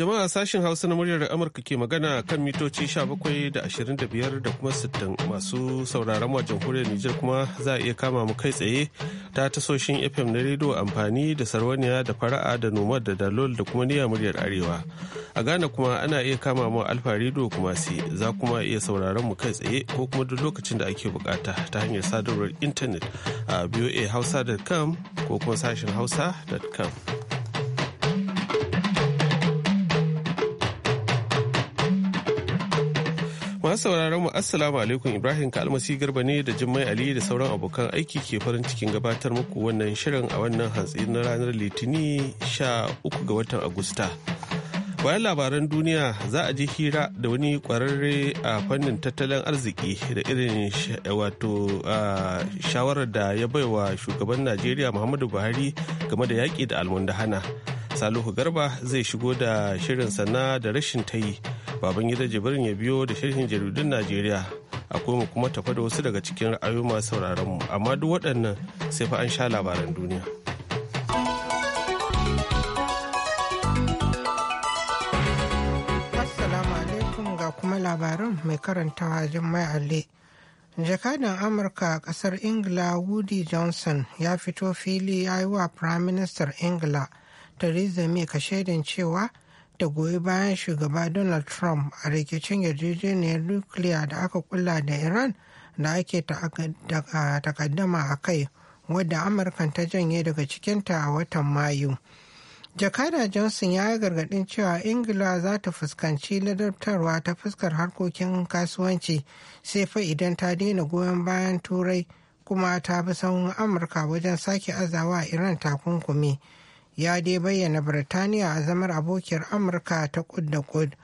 Jama'a sashen Hausa na muryar Amurka ke magana kan mitoci 17 da 25 da kuma 60 masu sauraron wa jamhuriyar Nijar kuma za a iya kama mu kai tsaye ta tasoshin FM na rediyo amfani da sarwaniya da fara'a da noma da dalol da kuma niyyar muryar Arewa. A Ghana kuma ana iya kama mu alfa rediyo kuma sai za kuma iya sauraron mu kai tsaye ko kuma duk lokacin da ake bukata ta hanyar sadarwar intanet a voahausa.com ko kuma sashen hausa.com. Masu sauraron mu Assalamu alaikum Ibrahim Kalmasi Garba ne da Jummai Ali da sauran abokan aiki ke farin cikin gabatar muku wannan shirin a wannan hantsi na ranar Litini 13 ga watan Agusta. Bayan labaran duniya za a ji hira da wani kwararre a fannin tattalin arziki da irin wato shawarar da ya baiwa shugaban Najeriya Muhammadu Buhari game da yaƙi da almundahana. Salihu Garba zai shigo da shirin sana da rashin ta yi. Babangida gida jibirin ya biyo da sharhin jaridun najeriya akwai mu kuma tafa da wasu daga cikin ra'ayoyi masu sauraron mu amma duk waɗannan sai fa an sha labaran duniya assalamu alaikum ga kuma labarin mai karantawa jummai alle jakadan amurka ƙasar ingila woody johnson ya fito fili ya yi wa prime ingila theresa may kashedin cewa da goyi bayan shugaba donald trump a rikicin yarjejeniyar nukiliya da aka kulla da iran da ake takaddama a kai wadda amurkan ta janye daga cikinta a watan mayu jakada johnson ya yi gargadin cewa ingila za ta fuskanci ladabtarwa ta fuskar harkokin kasuwanci sai fa idan ta daina goyon bayan turai kuma ta bi sahun amurka wajen sake azawa iran takunkumi ya dai bayyana birtaniya a zamar abokiyar amurka ta kud da kud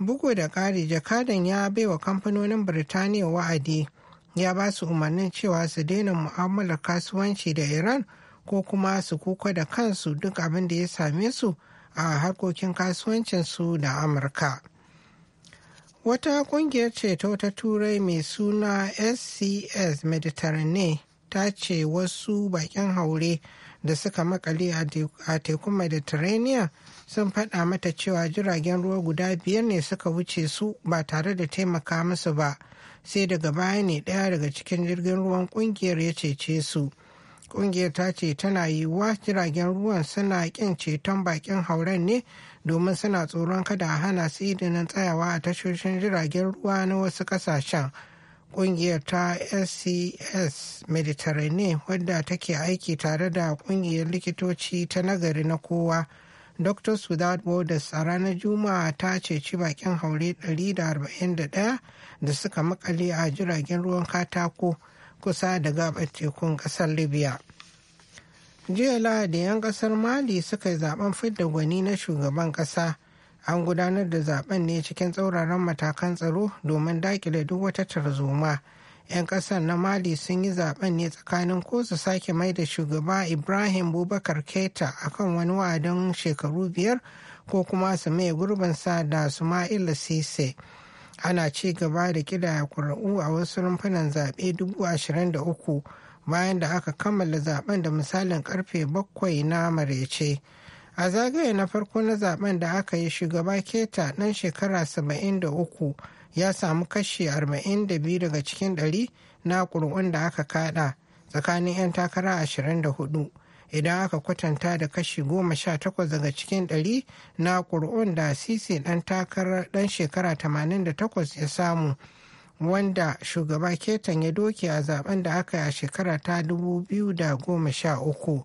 bugu da ƙari jakadan ya baiwa kamfanonin birtaniya wa'adi ya ba su umarnin cewa su daina mu'amalar kasuwanci da iran ko kuma su kuka da kansu duk abin da ya same su a harkokin kasuwancinsu da amurka wata ƙungiyar ceto ta turai mai suna scs mediterranean ta ce wasu bakin haure da suka makale a tekun mediterranean sun faɗa mata cewa jiragen ruwa guda biyar ne suka wuce su ba tare da taimaka musu ba sai daga baya ne ɗaya daga cikin jirgin ruwan ƙungiyar ya cece su ƙungiyar ta ce tana yiwuwa jiragen ruwan suna ƙin ceton bakin hauren ne domin suna tsoron kada a hana su tsayawa a tashoshin jiragen ruwa na wasu ƙasashen. kungiyar ta scs mediterranean wadda take aiki tare da kungiyar likitoci ta nagari na kowa doctors without borders a ranar juma'a ta ceci bakin haure 141 da suka makale a jiragen ruwan katako kusa da gabar tekun kasar libya jiya lahadi 'yan kasar mali suka yi zaben fidda gwani na shugaban kasa an gudanar da zaben ne cikin tsauraran matakan tsaro domin dakile duk wata tarzoma 'yan kasar na mali sun yi zaben ne tsakanin ko su sake mai da shugaba ibrahim bubakar keta akan wani wa'adin shekaru biyar ko kuma su mai gurbinsa da suma'ila sise ana ci gaba da kida ƙuri'u a wasu rumfunan zaɓe uku bayan da aka kammala zaben da misalin karfe bakwai na marece. a zagaye na farko na zaben da aka yi shugaba keta nan shekara 73 ya samu kashi 42 daga cikin 100 na ƙuri'un da aka kada tsakanin 'yan takara 24 idan aka kwatanta da kashi 18 daga cikin 100 na ƙuri'un da sisi dan takarar ɗan shekara 88 ya samu wanda shugaba ketan ya doke a zaben da aka yi a shekara ta 2013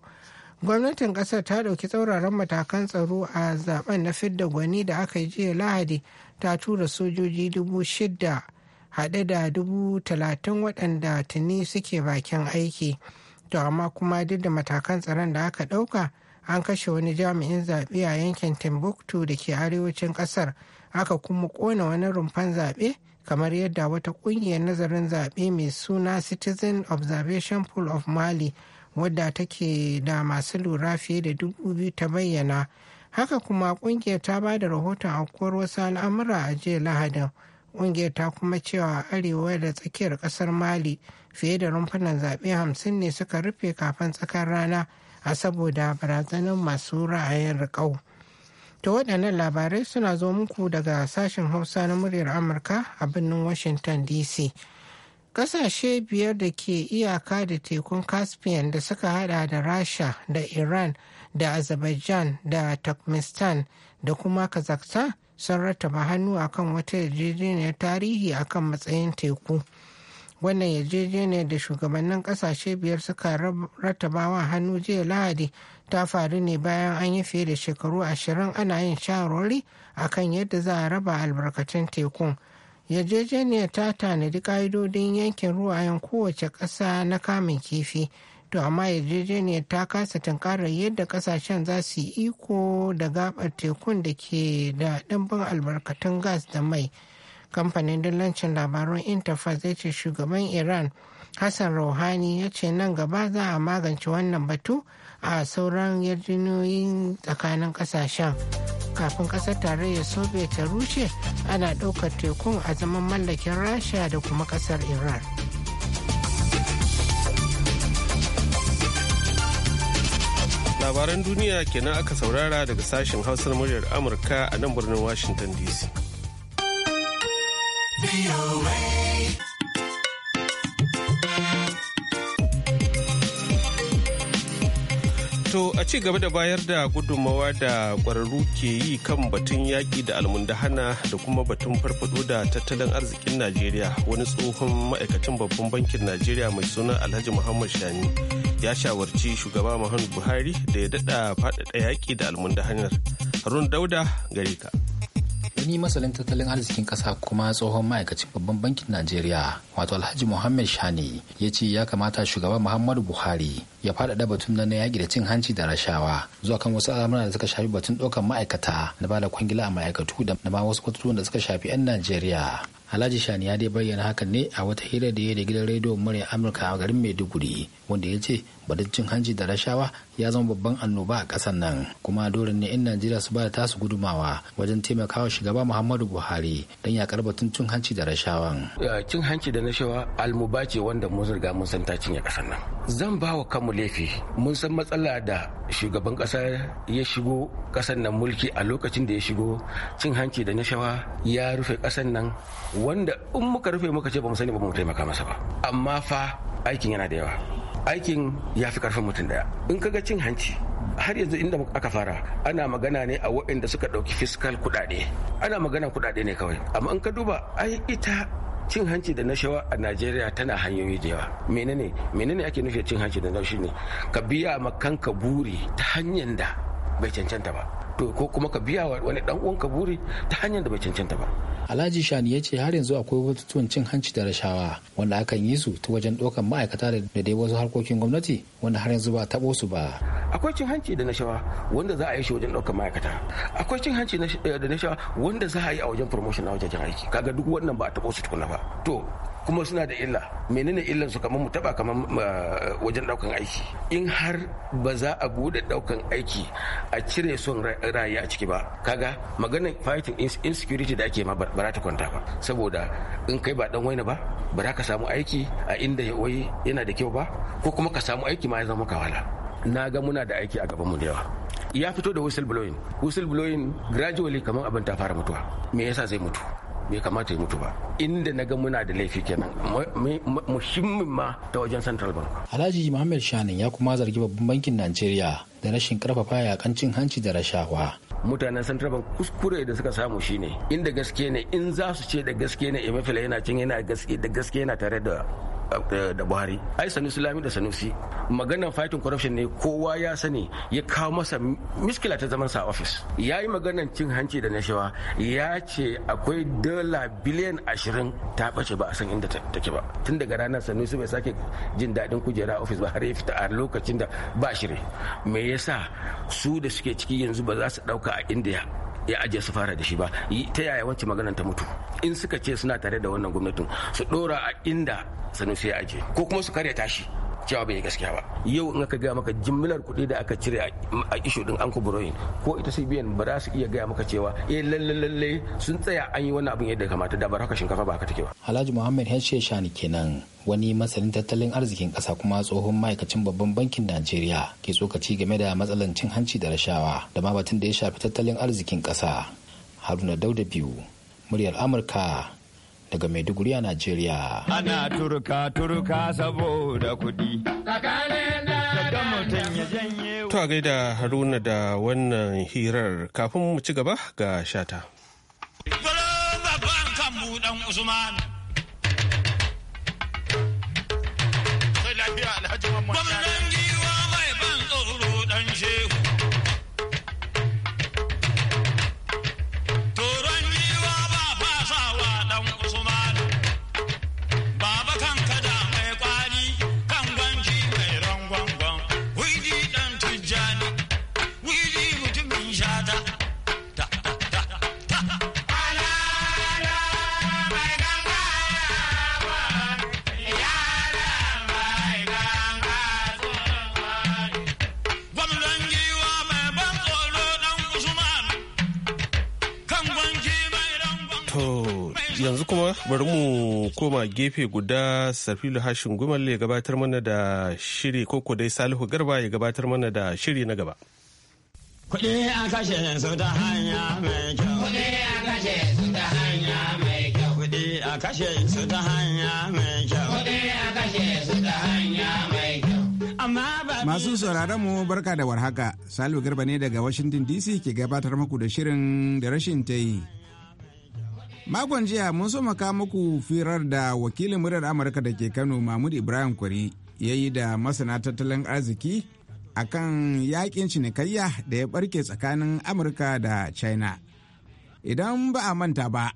gwamnatin kasar ta dauki tsauraran matakan tsaro a zaben na fidda gwani da aka yi jiya lahadi ta tura sojoji dubu shida haɗe da dubu talatin waɗanda tuni suke bakin aiki to amma kuma duk da matakan tsaron da aka ɗauka an kashe wani jami'in zaɓe a yankin timbuktu da ke arewacin ƙasar aka kuma ƙona wani rumfan zaɓe kamar yadda wata ƙungiyar nazarin zaɓe mai suna citizen observation pool of mali wadda take da masu lura fiye da dubu biyu ta bayyana haka kuma kungiyar ta ba da rahoton aukuwar wasu al'amura a jiya lahadin kungiyar ta kuma cewa arewa da tsakiyar kasar mali fiye da rumfunan zaɓe hamsin ne suka rufe kafin tsakar rana a saboda barazanar masu ra'ayin riƙau Ta waɗannan labarai suna zo muku daga sashen hausa na muryar amurka a birnin washington dc Ƙasashe biyar da ke iyaka da tekun Caspian da suka hada da Rasha da Iran da Azerbaijan da Turkmenistan da kuma Kazakhstan sun rattaba hannu akan wata yarjejeniyar tarihi akan matsayin teku. wannan yarjejeniyar da shugabannin ƙasashe biyar suka rattabawa hannu jiya lahadi ta faru ne bayan an yi fiye da shekaru ashirin ana yin shawarwari akan yadda za a raba albarkatun tekun yarjejeniyar ta tanadi ƙa'idodin yankin ruwayen kowace ƙasa na kamun kifi to amma yarjejeniyar ta kasa tunkarar yadda ƙasashen za su yi iko da gabar tekun da ke da ɗimbin albarkatun gas da mai kamfanin dillancin labarun interfax ya ce shugaban iran hassan rouhani ya ce nan gaba za a magance wannan batu a sauran yarjinoyin tsakanin kasashen kafin kasar tarayyar soviet ta rushe ana ɗaukar tekun a zaman mallakin rasha da kuma kasar iran labaran duniya kenan aka saurara daga sashen hausar muryar amurka a nan birnin washington dc To a ci gaba da bayar da gudummawa da ƙwararru ke yi kan batun yaƙi da almundahana da kuma batun farfado da tattalin arzikin Najeriya wani tsohon ma'aikacin babban bankin Najeriya mai suna Alhaji Muhammad Shani ya shawarci shugaba Muhammadu Buhari da ya daɗa faɗaɗa yaƙi da almundahanar. Harun Dauda gare ka. wani masalin tattalin arzikin kasa kuma tsohon ma'aikacin babban bankin najeriya wato alhaji muhammad shani ya ce ya kamata shugaban muhammadu buhari ya faɗaɗa batun na yaƙi da cin hanci da rashawa zuwa kan wasu al'amuran da suka shafi batun ɗaukar ma'aikata na bada kwangila a ma'aikatu da ma wasu kwatutuwan da suka shafi 'yan najeriya Alhaji Shani ya dai bayyana hakan ne a wata hira da ya da gidan rediyon murya Amurka a garin Maiduguri wanda ya ce batun cin hanci da rashawa ya zama babban annoba a ƙasar nan kuma dole ne 'yan najeriya su bada tasu gudumawa wajen taimakawa shugaba muhammadu buhari don yakar tun cin hanci da rashawan cin hanci da rashawa almuba ce wanda mun riga mun san ta cinye ƙasar nan zan ba wa kanmu laifi mun san matsala da shugaban ƙasa ya shigo ƙasar nan mulki a lokacin da ya shigo cin hanci da rashawa ya rufe ƙasar nan wanda in muka rufe muka ce ba mu sani ba mu taimaka masa ba amma fa aikin yana da yawa aikin ya fi karfin mutum daya in kaga cin hanci har yanzu inda aka fara ana magana ne a waɗanda suka ɗauki fiskal kuɗaɗe ana magana kuɗaɗe ne kawai amma in ka duba ai ita cin hanci da nashawa a najeriya tana hanyoyi da yawa menene menene ake nufi cin hanci da nashi ne ka biya ma kanka buri ta hanyar da bai cancanta ba to ko kuma ka biya wa wani dan uwanka buri ta hanyar da bai cancanta ba Alhaji Shani ya ce har yanzu akwai batutuwan cin hanci da rashawa wanda akan yi su ta wajen ɗaukar ma'aikata da dai wasu harkokin gwamnati wanda har yanzu ba taɓo su ba. Akwai cin hanci da nashawa wanda za a yi shi wajen ɗaukar ma'aikata. Akwai cin hanci eh, da nashawa wanda za a yi a wajen promotion na wajen aiki. Kaga duk wannan ba a taɓo su tukuna ba. To kuma suna da illa menene illan su kamar mu taba kamar wajen daukan aiki in har ba za a bude daukan aiki a cire son raye a ciki ba kaga maganar fighting insecurity da ake ma ba ta kwanta ba saboda in kai ba dan waina ba ba ka samu aiki a inda wai yana da kyau ba ko kuma ka samu aiki ma ya zama wala. na ga muna da aiki a gaban mu da yawa ya fito da whistle blowing whistle blowing gradually kamar abin ta fara mutuwa me yasa zai mutu bai kamata ya mutu ba inda na ga muna da laifi kenan muhimmin ma ta wajen central bank alhaji muhammad shanin ya kuma zargi babban bankin nigeria da rashin karfafa yakan cin hanci da rashawa mutanen central bank kuskure da suka samu shine inda gaske ne in za su ce da gaske ne emefiele yana cin yana gaske da gaske yana tare da da buhari ai sanusi lami da sanusi maganar fighting corruption ne kowa ya sani ya kawo masa miskila ta zaman sa office ya yi maganar cin hanci da nashawa ya ce akwai dala biliyan ashirin ta bace ba a san inda take ba tun daga ranar sanusi bai sake jin daɗin kujera office ba har ya fita a lokacin da ba shire me yasa su da suke ciki yanzu ba za su ɗauka a india. ya ajiye su fara da shi ba ta yaya wacce maganar ta mutu in suka ce suna tare da wannan gwamnatin su dora a inda sanusi ya ajiye ko kuma su karya tashi cewa bai gaskiya ba yau in aka gaya maka jimlar kuɗi da aka cire a isho din anku buroyin ko ita sai biyan ba za su iya gaya maka cewa eh lalle lalle sun tsaya an yi wannan abin yadda kamata da bar haka shinkafa ba haka take ba alhaji muhammad Hashe shani kenan wani masanin tattalin arzikin ƙasa kuma tsohon ma'aikacin babban bankin najeriya ke tsokaci game da matsalar cin hanci da rashawa da ma batun da ya shafi tattalin arzikin ƙasa haruna dauda biyu muryar amurka daga Maiduguri a Najeriya. Ana turka turka saboda kuɗi. To a gaida Haruna da wannan hirar kafin mu ci gaba ga shata. Gwamnan giwa mai ban tsoro ɗan shehu. bari mu koma gefe guda sarfilu hashin gumal ya gabatar mana da shiri koko dai salihu garba ya gabatar mana da shiri na gaba kuɗi a kashe su ta hanya mai kyau kuɗi a kashe su ta hanya mai kyau kuɗi a kashe su ta hanya mai kyau kuɗi a kashe su ta hanya mai kyau Masu sauraron mu barka da warhaka, Salihu Garba ne daga Washington DC ke gabatar muku da shirin da rashin ta yi. Makon jiya mun so maka muku firar da wakilin muryar Amurka da ke Kano Mahmud Ibrahim Kwari ya yi da masana tattalin arziki kan yaƙin cinikayya da ya barke tsakanin Amurka da China. Idan ba a manta ba,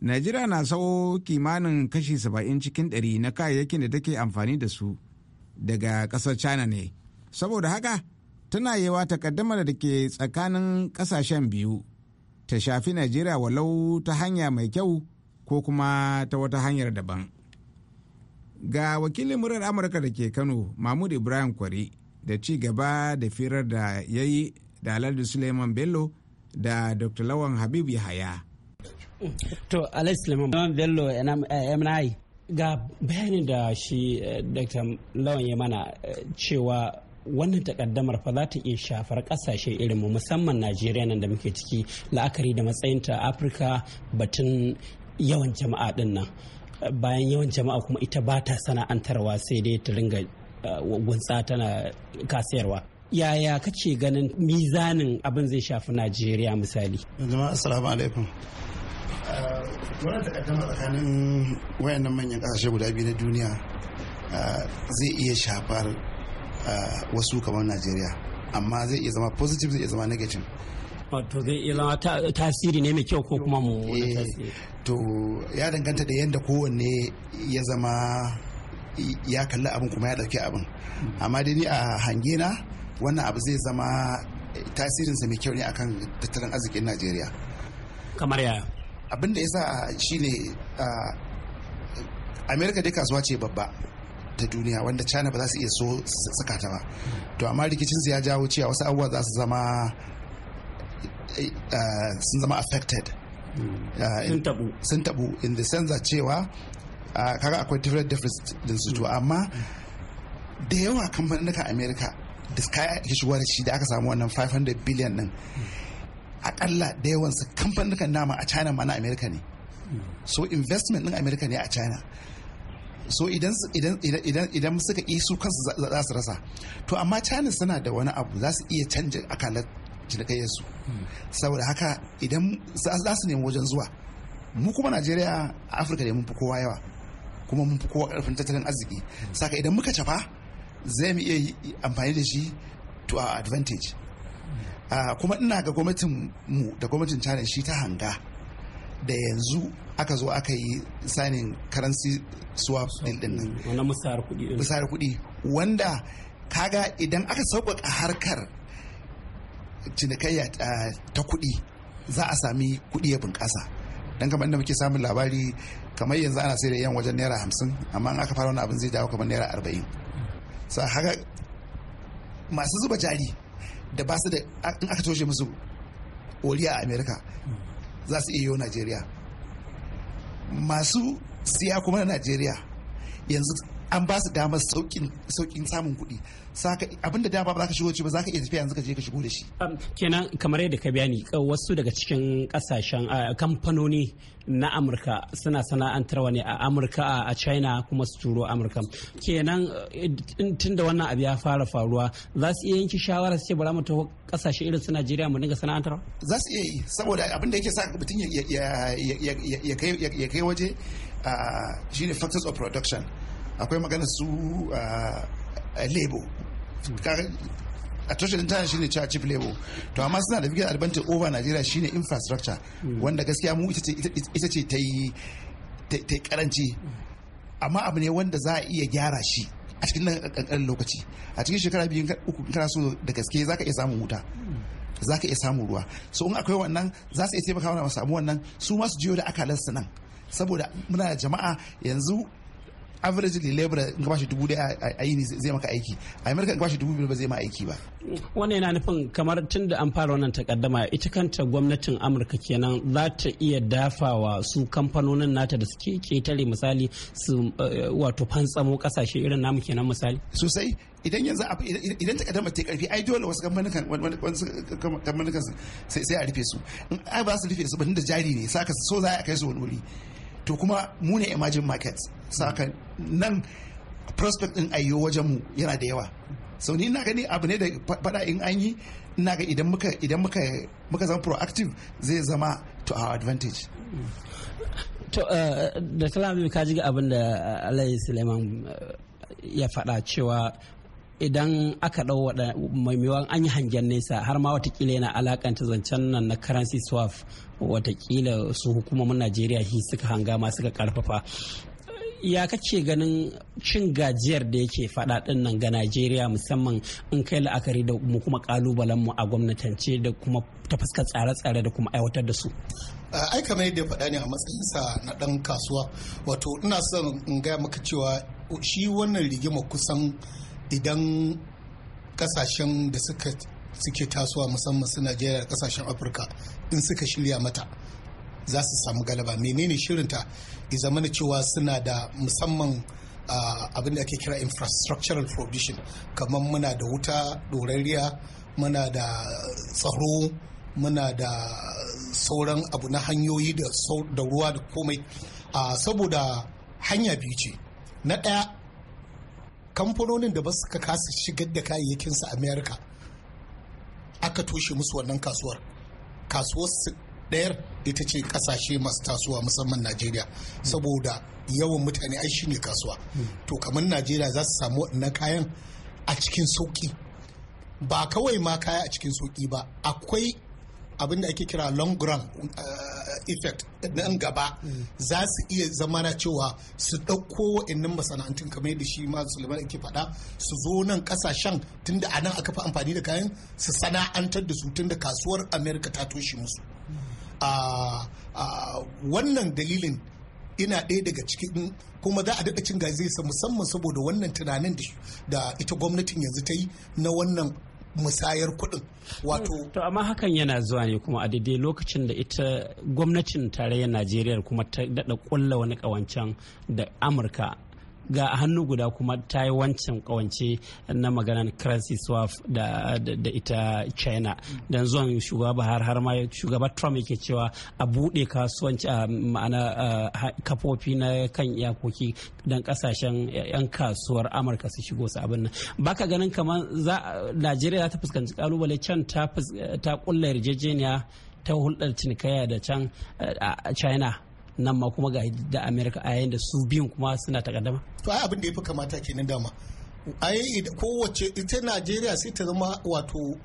Najeriya na sau kimanin kashi saba'in cikin ɗari na kayayyakin da take amfani da su daga ƙasar China ne. Saboda haka, tana yewa takaddama da ke tsakanin ƙasashen biyu. ta shafi najeriya walau ta hanya mai kyau ko kuma ta wata hanyar daban ga wakilin murar amurka da ke kano mahmud ibrahim kwari da ci gaba da firar da ya yi da alhaji suleiman bello da dr lawan habib yahaya to alhaji suleiman bello eh, ga bayanin da shi eh, dr lawan ya mana eh, cewa wannan takaddamar fa za ta iya shafar kasashe irin mu musamman najeriya nan da muke ciki la'akari da matsayinta afirka batun yawan jama'a din nan bayan yawan jama'a kuma ita ba ta sana'antarwa sai dai ta ringa uh, gunsa tana kasayarwa yaya kace ganin mizanin abin zai shafi najeriya misali jama'a uh, wannan takaddama tsakanin wayannan manyan kasashe guda biyu na duniya uh, zai iya shafar wasu kamar najeriya amma zai iya zama positive zai iya zama negative wato zai iya zama tasiri ne mai kyau ko kuma mu eh, to ya danganta da yadda kowanne ya zama ya kalli abin kuma ya ɗauki abin amma dai ni a hange na wannan abu zai zama tasirinsa mai kyau ne akan tattalin arzikin najeriya kamar yaya abin da ya sa shine america dai kasuwa ce babba ta duniya wanda china ba za su iya so saka ta ba to amma rikicin su ya jawo cewa wasu abubuwa za su zama eh, sun zama affected hmm. eh, sun tabu in the sense that cewa ah, kaga akwai different difference din su to amma da yawa kamfanin america da kaya ke shigowa shi da aka samu wannan 500 billion din akalla da yawansu kamfanin nama a china mana america ne hmm. so investment din america ne a china so idan idan idan suka yi su kansu za su rasa to amma china suna da wani abu za su iya canja akalar su. saboda haka idan za su nemi wajen zuwa mu kuma najeriya a afirka da mun fi kowa yawa kuma mun fi kowa karfin tattalin arziki saka idan muka cafa zai mu iya amfani da shi to our advantage ah, kuma ina ga gwamnatin mu da gwamnatin china shi ta hanga da yanzu aka zo aka yi sanin currency swap din din nan wannan musayar kuɗi musayar kuɗi wanda kaga idan aka sauƙaƙa harkar cinikayya ta kuɗi za a sami kuɗi ya bunƙasa dan kamar inda muke samun labari kamar yanzu ana sai da yan wajen naira hamsin amma aka fara wani abin zai dawo kamar naira arba'in sa haka masu zuba jari da ba su da in aka toshe musu oriya a Amerika za su iya yiwu najeriya masu siya kuma na najeriya yanzu an ba su damar saukin samun kuɗi abinda dama ba za ka shigo ci ba za ka iya tafiya yanzu ka je ka shigo da shi. Um, kenan kamar yadda ka bayani uh, wasu daga cikin kasashen uh, kamfanoni na amurka suna sana'antarwa ne a amurka uh, a china kuma su turo amurka kenan tun da wannan abu ya fara faruwa za su iya yanki shawarar su ce bara mu tafi kasashe irin su najeriya mu dinga sana'antarwa. za su iya yi saboda abin da yake sa mutum ya kai waje shine factors of production. akwai magana su ah, eh, lebo hmm. a tushen intanet shine cewa chief lebo to amma suna da bigar albantar over Najeriya shine infrastructure hmm. wanda gaskiya mu ita ce ta yi karanci hmm. amma abu ne wanda za a iya gyara shi a cikin nan kankanin lokaci a cikin shekara biyu uku kana so da gaske za ka iya samun wuta Za ka iya samun ruwa so in akwai wannan za su iya taimaka mana mu samu wannan su masu jiyo da akalansu nan saboda muna da jama'a yanzu averagely labor in ka bashi dubu daya a yini zai maka aiki a america in ka bashi dubu biyu ba zai ma aiki ba wannan yana nufin kamar tun da an fara wannan takaddama ita kanta gwamnatin amurka kenan za ta iya dafawa su kamfanonin nata da suke ketare misali su eh, wato fantsamo kasashe irin namu kenan misali sosai idan yanzu idan takaddama ta karfi ai dole wasu kamfanin sai a rufe su in ai ba su rufe su ba da jari ne saka so za a kai su wani wuri to kuma mu ne emerging markets saka nan prospect din ayyo wajen mu yana da yawa so ni na gani abu ne da fada in an yi ina ga idan muka idan muka muka zama proactive zai zama to our advantage to eh, da talami ka ji abin da Alayhi Suleiman eh, ya faɗa cewa idan aka ɗau maimakon an yi hangen nesa har ma watakila yana alakanta zancen nan na currency swap watakila su hukumomin najeriya shi suka hanga ma suka karfafa ya kake ganin cin gajiyar da yake din nan ga najeriya musamman in kai la'akari da mu kuma kalubalen mu a gwamnatance da kuma ta fuskar tsare-tsare da kuma aiwatar da su uh, ai kamar yadda ya faɗa ne a matsayinsa na ɗan kasuwa wato ina son in gaya maka cewa shi wannan rigima kusan idan kasashen da suka suke tasowa musamman su najeriya da kasashen afirka in suka shirya mata za su samu galaba menene shirinta ya zama cewa suna da musamman abin da ake kira infrastructural provision kamar muna da wuta ɗorariya muna da tsaro muna da sauran abu na hanyoyi da ruwa da komai saboda hanya biyu ce na ɗaya kamfanonin da ba su ka kasa shigar da kayayyakinsu america aka toshe musu wannan kasuwar kasuwar ɗayar ita ce kasashe masu tasowa musamman najeriya hmm. saboda yawan mutane ai shine kasuwa hmm. to kamar najeriya za su samu waɗannan kayan a cikin sauki ba kawai ma kaya a cikin sauki ba akwai abin da ake kira long gram eh, effect nan gaba hmm. za su iya zama na cewa su ɗauko wa'annan masana'antun kamar yadda shi ma suleiman ake faɗa su zo nan ƙasashen tunda a nan aka fi amfani da kayan su sana'antar da su tunda kasuwar america ta toshe musu a wannan dalilin ina ɗaya daga cikin kuma za a daɗa cin zai musamman saboda wannan tunanin da ita gwamnatin yanzu ta yi na wannan musayar kuɗin wato mm. to amma hakan yana zuwa ne kuma a daidai lokacin da ita gwamnatin tarayyar najeriya kuma ta daɗa ƙulla wani ƙawancen da amurka ga hannu guda kuma ta yi wancan kawance na maganar currency swap da, ita china don zuwan shugaba har har ma shugaba trump yake cewa a bude kasuwanci a ah, ma'ana ah, kafofi na kan iyakoki don kasashen 'yan kasuwar amurka su shigo su abin nan baka ganin kamar najeriya za ta fuskanci kalubale can ta kulla yarjejeniya ta hulɗar cinikaya da can eh, a china nan ma kuma ga da amerika a yayin da su biyun kuma suna takaddama to ai abin da ya fi kamata kenan dama ai kowace ita najeriya sai ta zama wato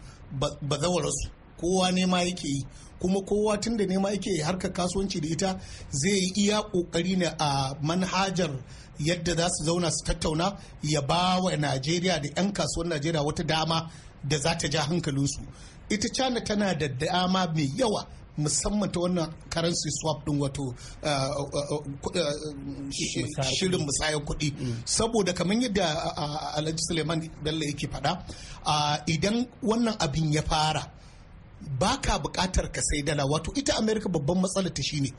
bazawararsu kowa nema yake yi kuma kowa tun da nema yake harkar kasuwanci da ita zai yi iya kokari ne a manhajar yadda za su zauna su tattauna ya ba wa najeriya da 'yan kasuwar najeriya wata dama da za ta ja hankalinsu ita cana tana da dama mai yawa musamman ta wannan currency swap din wato uh, uh, uh, shirin musayar kuɗi mm. saboda kamar yadda alhaji suleiman bello yake faɗa idan wannan abin ya fara baka buƙatar ka sai dala wato ita america babban matsala ta shine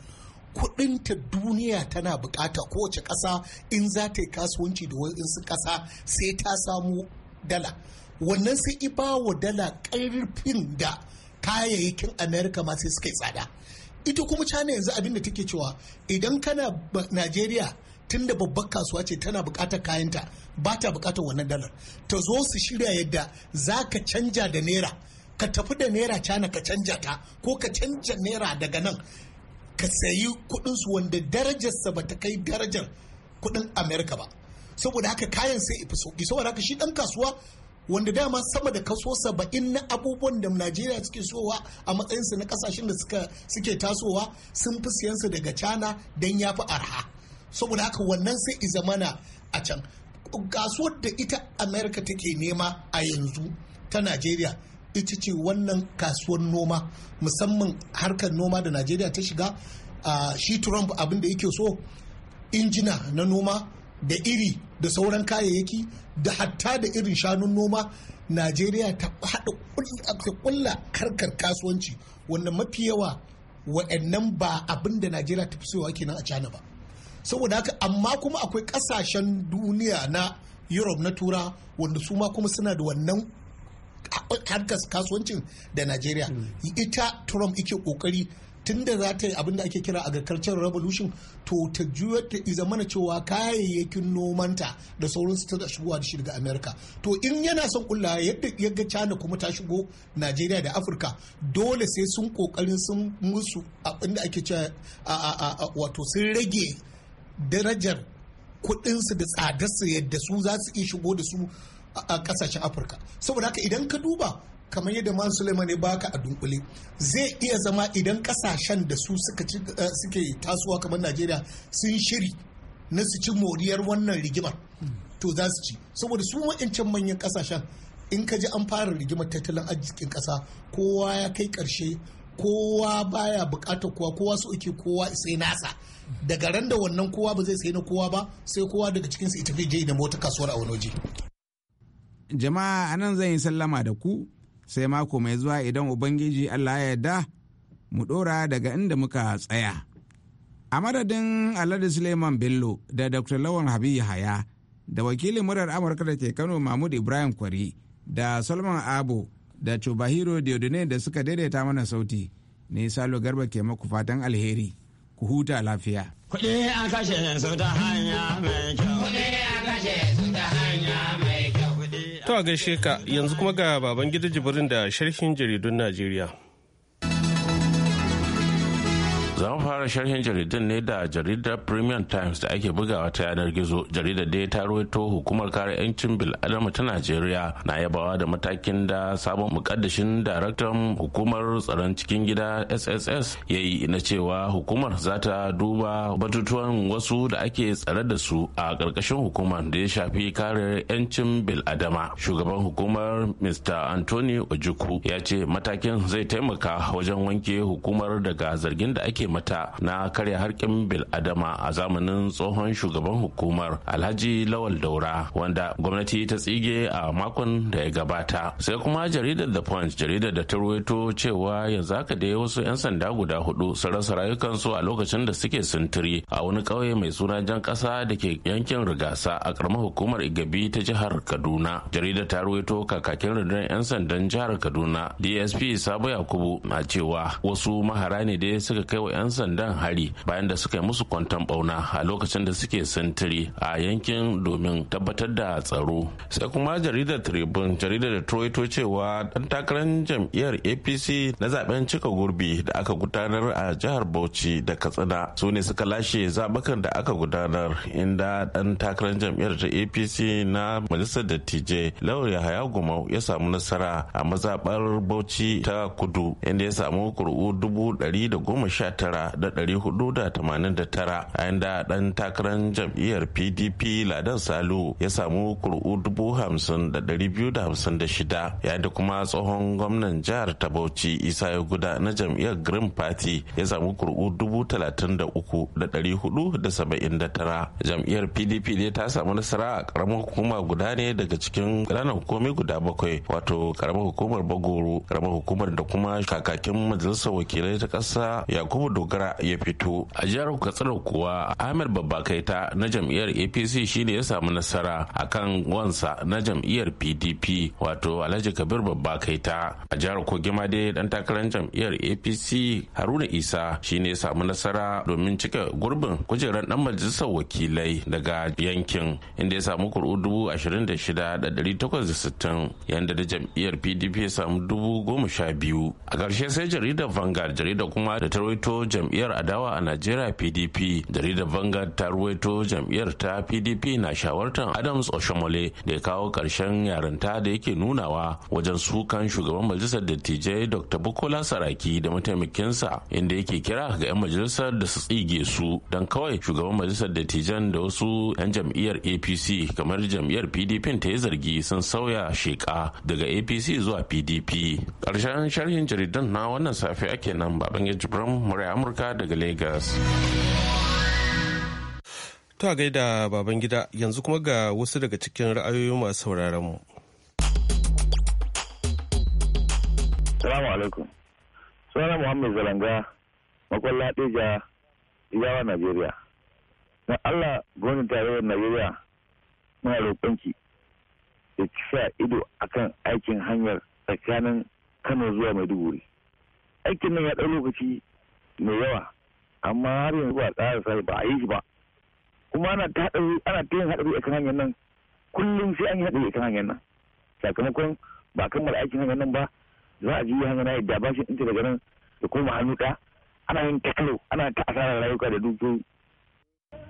kudinta duniya tana bukata kowace ƙasa in za ta yi kasuwanci da wasu ƙasa sai ta samu dala wannan sai ibawa dala ƙarfin da kayayyakin america ma sai suka yi tsada ita kuma china yanzu abinda da take cewa idan kana Nigeria tun da babbar kasuwa ce tana bukatar kayanta ba ta bukatar wannan dalar ta zo su shirya yadda za ka canja da naira ka tafi da naira cana ka canja ta ko ka canja naira daga nan ka sayi kudinsu wanda darajarsa ba ta kai darajar kudin america ba saboda haka kayan sai ifi sauki saboda haka shi dan kasuwa wanda dama sama da kaso saba'in na abubuwan da najeriya suke sowa a matsayinsu na kasashen da suke tasowa sun fi siyansa daga cana don ya fi arha saboda haka wannan sai izamana a can kasuwar da ita america take nema a yanzu ta najeriya ita ce wannan kasuwar noma musamman harkar noma da najeriya ta shiga ah, shi trump abin da yake so injina na noma da iri da sauran kayayyaki da hatta da irin shanun noma najeriya ta haɗa kulla harkar kasuwanci wanda mafi yawa wa'annan ba abin da najeriya ta fi soyawa kenan a cana ba saboda haka amma kuma akwai ƙasashen duniya na europe na tura wanda su ma kuma suna da wannan harkar kasuwancin da najeriya hmm. ita trump ike ƙoƙari. tunda za ta yi abin da ake kira agricultural revolution to ta juyar ta zamana cewa kayayyakin nomanta da sauransu ta shigowa da shi daga america to in yana son kulla yadda ya ga china kuma ta shigo najeriya da afirka dole sai sun kokarin sun musu abin da ake cewa wato sun rage darajar kudinsu da tsadarsu yadda su za su iya shigo da su a kasashen afirka saboda haka idan ka duba kamar yadda man suleiman ya baka a dunkule zai iya zama idan kasashen da su eh, suke tasowa kamar najeriya sun shiri na su ci moriyar wannan rigimar to za su ci saboda su wa'ancan manyan kasashen in ka ji an fara rigimar tattalin arzikin kasa kowa ya kai karshe kowa baya bukatar kowa kowa su uke kowa sai nasa daga ran da wannan kowa ba zai sai na kowa ba sai kowa daga cikin su ita je da mota kasuwar a wani waje jama'a anan zan yi sallama da ku sai mako mai zuwa idan ubangiji allah ya yarda mu ɗora daga inda muka tsaya a madadin alhaji suleiman bello da dr lawan habibu haya da wakilin murar amurka da ke kano mahmud ibrahim kwari da solomon abo da chubahiro diodune da suka daidaita mana sauti ne salo garba ke maku fatan alheri ku huta lafiya kuɗi a kashe su ta hanya mai kyau kuɗi a kashe su ta hanya To a gaishe ka yanzu kuma ga baban gida jibirin da sharhin jaridun Najeriya. za fara sharhin jaridun ne da jaridar premium times da ake bugawa ta yanar gizo jaridar da ta ruwaito hukumar kare 'yancin bil'adama ta najeriya na yabawa da matakin da sabon mukaddashin daraktan hukumar tsaron cikin gida sss ya yi na cewa hukumar za ta duba batutuwan wasu da ake tsare da su a ƙarƙashin hukumar da ya shafi kare 'yancin bil'adama shugaban hukumar mr anthony ojuku ya ce matakin zai taimaka wajen wanke hukumar daga zargin da ake mata na karya harkin bil'adama a zamanin tsohon shugaban hukumar alhaji lawal daura wanda gwamnati ta tsige a makon da ya gabata sai kuma jaridar the punch jaridar da ta ruwaito cewa yanzu haka dai wasu 'yan sanda guda hudu su rasa rayukansu a lokacin da suke sintiri a wani ƙauye mai suna jan ƙasa da ke yankin rigasa a ƙaramar hukumar igabi ta jihar kaduna jaridar ta ruwaito kakakin rundunar 'yan sandan jihar kaduna dsp sabo yakubu na cewa wasu mahara ne dai suka kai wa 'yan sandan hari bayan da suka yi musu kwanton bauna a lokacin da suke sintiri a yankin domin tabbatar da tsaro sai kuma jaridar tribune jaridar detroit cewa dan takarar jam'iyyar apc na zaben cika gurbi da aka gudanar a jihar bauchi da katsina su ne suka lashe zabukan da aka gudanar inda dan takarar jam'iyyar ta apc na majalisar dattijai lauri haya gumau ya samu nasara a mazabar bauchi ta kudu inda ya samu kuri'u dubu dari da goma sha tara a yanda dan takarar jam'iyyar pdp ladan salu ya samu kuri'u dubu hamsin da kuma tsohon gwamnan jihar ta bauchi isa ya guda na jam'iyyar green party ya samu kuri'u dubu talatin da uku da dari hudu da saba'in da tara jam'iyyar pdp ne ta samu nasara a karamar hukuma guda ne daga cikin ranar hukumi guda bakwai wato karamar hukumar bagoro karamar hukumar da kuma kakakin majalisar wakilai ta ƙasa yakubu dogara ya fito a jihar katsina kuwa ahmed babbakaita na jam'iyyar apc shine ya samu nasara a kan wansa na jam'iyyar pdp wato alhaji kabir babbakaita a jihar kogima dai dan takarar jam'iyyar apc haruna isa shine ya samu nasara domin cika gurbin kujerar dan majalisar wakilai daga yankin inda ya samu kuri'u dubu ashirin da shida da dari takwas da sittin yanda da jam'iyyar pdp ya samu dubu goma sha biyu a ƙarshe sai jaridar vanguard jaridar kuma da ta rawaito jam'iyyar adawa a najeriya pdp jaridar vanguard ta ruwaito jam'iyyar ta pdp na shawartar adams oshomole da ya kawo karshen yarinta da yake nunawa wajen sukan shugaban majalisar dattijai dr bukola saraki da mataimakinsa inda yake kira ga 'yan majalisar da su tsige su don kawai shugaban majalisar dattijan da wasu 'yan jam'iyyar apc kamar jam'iyyar pdp ta yi zargi sun sauya sheka daga apc zuwa pdp karshen sharhin jaridan na wannan safe ake nan baban ya jibran murya amurka daga lagos ta gaida baban gida yanzu kuma ga wasu daga cikin ra'ayoyi masu sauraron mu salamu alaikum sunana muhammad zalanga makwalla ɗija iyawa najeriya na allah gwamnatin tarayyar najeriya muna roƙonki da sa ido akan aikin hanyar tsakanin kano zuwa maiduguri aikin nan ya ɗau lokaci mai yawa amma har yanzu ba tsara sai ba a yi shi ba kuma ana ta ana ta yin haɗari kan hanyar nan kullum sai an yi haɗari kan hanyar nan sakamakon ba kammala aikin hanyar nan ba za a ji hanyar na yadda bashin ɗinta daga nan da koma hannu ɗaya ana yin takalo ana ta asarar rayuka da dukiyoyi.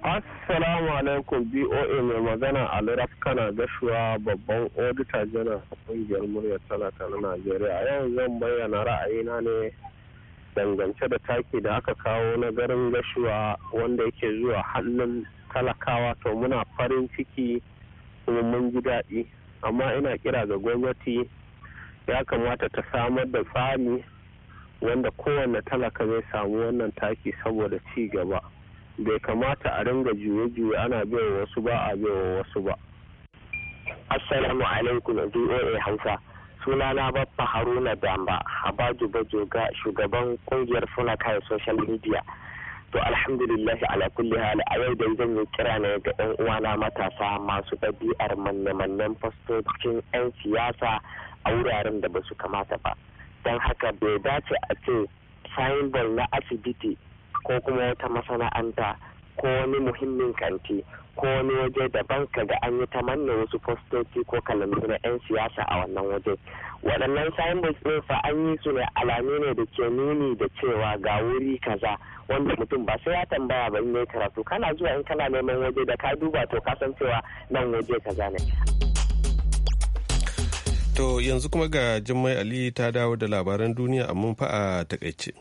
Assalamu alaikum BOA mai magana Aliraf kana gashuwa babban odita janar a kungiyar muryar talata na Najeriya. Yau zan bayyana ra'ayina ne dangance da taki da aka kawo na garin gashuwa wanda yake zuwa hannun talakawa to muna farin ciki kuma mun ji daɗi amma ina kira ga gwamnati ya kamata ta samar da tsari wanda kowane talaka zai samu wannan taki saboda ci gaba bai kamata a ringa juye-juye ana biyan wasu ba a baiwa wasu ba assalamu alaikum voa hausa sunana babba haruna damba habaju ga shugaban kungiyar funakai social media to alhamdulillah ala kulli hali a yau dai zan yi kira ne ga yan uwana matasa masu ɗabi'ar manne-mannen fastocin 'yan siyasa a wuraren da ba su kamata ba don haka bai dace a ce signboard na asibiti ko kuma wata masana'anta ko wani muhimmin kanti ko wani waje daban kaga an yi ta manna wasu fostoci ko kalandu na 'yan siyasa a wannan waje waɗannan signboards ɗin fa an yi su ne alamu ne da ke nuni da cewa ga wuri kaza wanda mutum ba sai ya tambaya ba in yi karatu kana zuwa in kana neman waje da ka duba to ka san cewa nan waje kaza ne. To yanzu kuma ga Jummai Ali ta dawo da labaran duniya amma fa a takaice.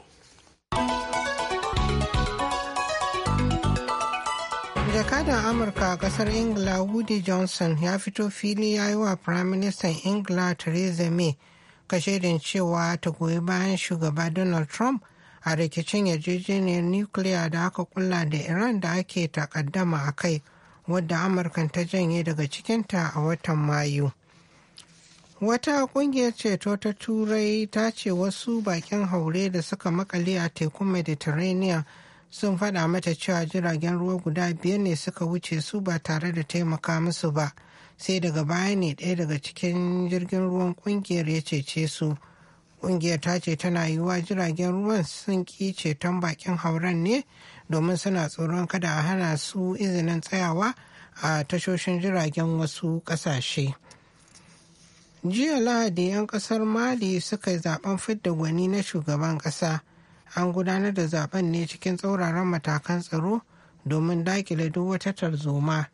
jakadan amurka a kasar ingila woody johnson ya fito fili ya yi wa firaministan ingila theresa may kashedin cewa ta goyi bayan shugaba donald trump a rikicin yarjejeniyar nukiliya da aka kulla da iran da ake takaddama a kai wadda amurka ta janye daga cikinta a watan mayu wata kungiyar ceto ta turai ta ce wasu bakin haure da suka makale a tekun mediterranean sun faɗa mata cewa jiragen ruwa guda biyar ne suka wuce su ba tare da taimaka musu ba sai daga baya ne ɗaya daga cikin jirgin ruwan ƙungiyar ya cece su ƙungiyar ta ce tana yiwuwa jiragen ruwan sun ƙi ceton bakin hauren ne domin suna tsoron kada a hana su izinin tsayawa a tashoshin jiragen wasu ƙasashe. jiya lahadi 'yan ƙasar mali suka yi zaben fidda gwani na shugaban ƙasa. an gudanar da zaben ne cikin tsauraran matakan tsaro domin dakile duk wata tarzoma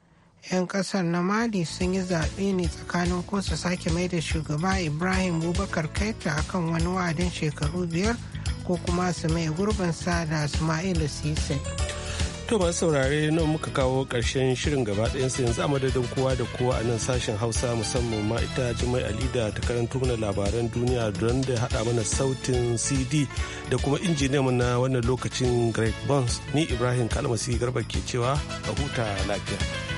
'yan kasar na mali sun yi zaɓe ne tsakanin ko su sake mai da shugaba ibrahim bubakar kaita akan wani wa'adin shekaru biyar ko kuma su mai sa da ismail sise. To masu saurare nan muka kawo ƙarshen shirin gaba ɗayansa yanzu a madadin kowa da kowa a nan sashen Hausa musamman ma ita Jimai alida ta karanto mana labaran duniya don da haɗa mana sautin CD da kuma injiniyan na wannan lokacin Greg Burns ni Ibrahim Kalmasi Garba ke cewa a huta lafiya.